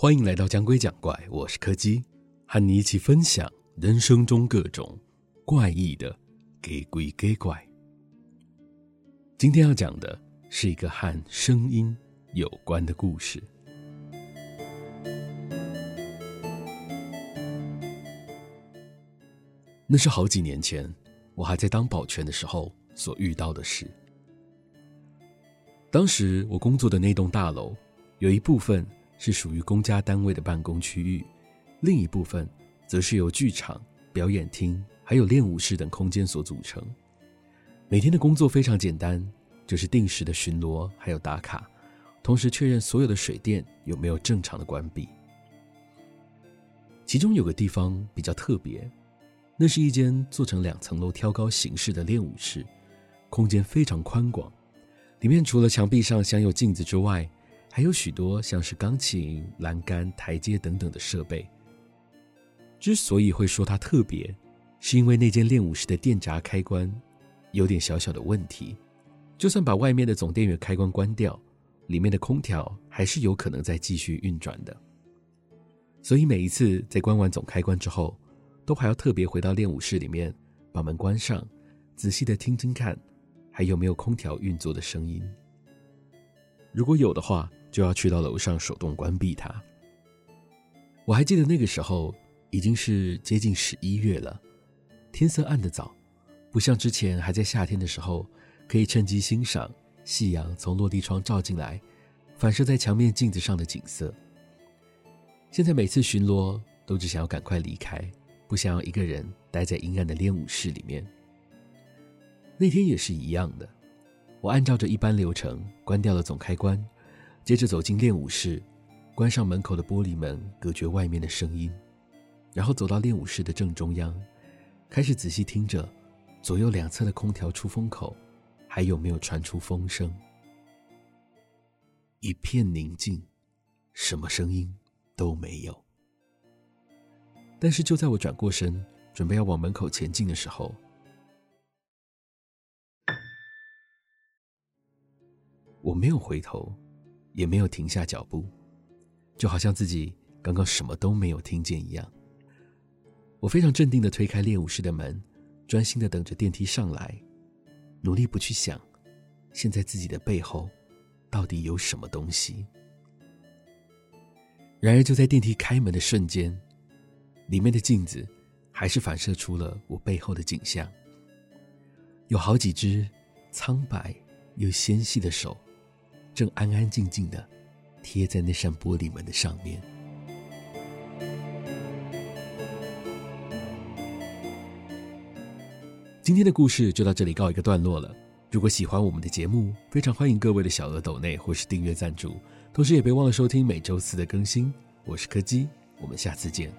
歡迎來到講鬼講怪，我是柯基，和你一起分享人生中各種怪異的假鬼假怪。今天要講的是一個和聲音有關的故事。那是好幾年前，我還在當保全的時候所遇到的事。當時我工作的那棟大樓有一部分。是屬於公家單位的辦公區域，另一部分則是由劇場、表演廳、還有練舞室等空間所組成。每天的工作非常簡單，就是定時的巡邏還有打卡，同時確認所有的水電有沒有正常的關閉。其中有個地方比較特別，那是一間做成兩層樓挑高形式的練舞室，空間非常寬廣，裡面除了牆壁上鑲有鏡子之外。還有許多像是鋼琴、欄杆、台階等等的設備。之所以會說它特別，是因為那間練舞室的電閘開關有點小小的問題，就算把外面的總電源開關關掉，裡面的空調還是有可能再繼續運轉的。所以每一次在關完總開關之後，都還要特別回到練舞室裡面，把門關上，仔細的聽聽看，還有沒有空調運作的聲音。如果有的話，就要去到樓上手動關閉它。我還記得那個時候已經是接近十一月了，天色暗得早，不像之前還在夏天的時候，可以趁機欣賞夕陽從落地窗照進來，反射在牆面鏡子上的景色。現在每次巡邏都只想要趕快離開，不想要一個人待在陰暗的練舞室裡面。那天也是一樣的，我按照着一般流程關掉了總開關。接着走進練武室，關上門口的玻璃門，隔絕外面的聲音，然後走到練武室的正中央，開始仔細聽着左右兩側的空調出風口還有沒有傳出風聲。一片寧靜，什麼聲音都沒有。但是就在我轉過身，準備要往門口前進的時候，我沒有回頭。也沒有停下腳步，就好像自己剛剛什麼都沒有聽見一樣。我非常鎮定的推開練舞室的門，專心的等着電梯上來，努力不去想，現在自己的背後到底有什麼東西。然而就在電梯開門的瞬間，裡面的鏡子還是反射出了我背後的景象，有好幾隻蒼白又纖細的手。正安安靜靜的貼在那扇玻璃門的上面。今天的故事就到這裡告一個段落了。如果喜歡我們的節目，非常歡迎各位的小額抖內或是訂閱贊助，同時也別忘了收聽每週四的更新。我是柯基，我們下次見。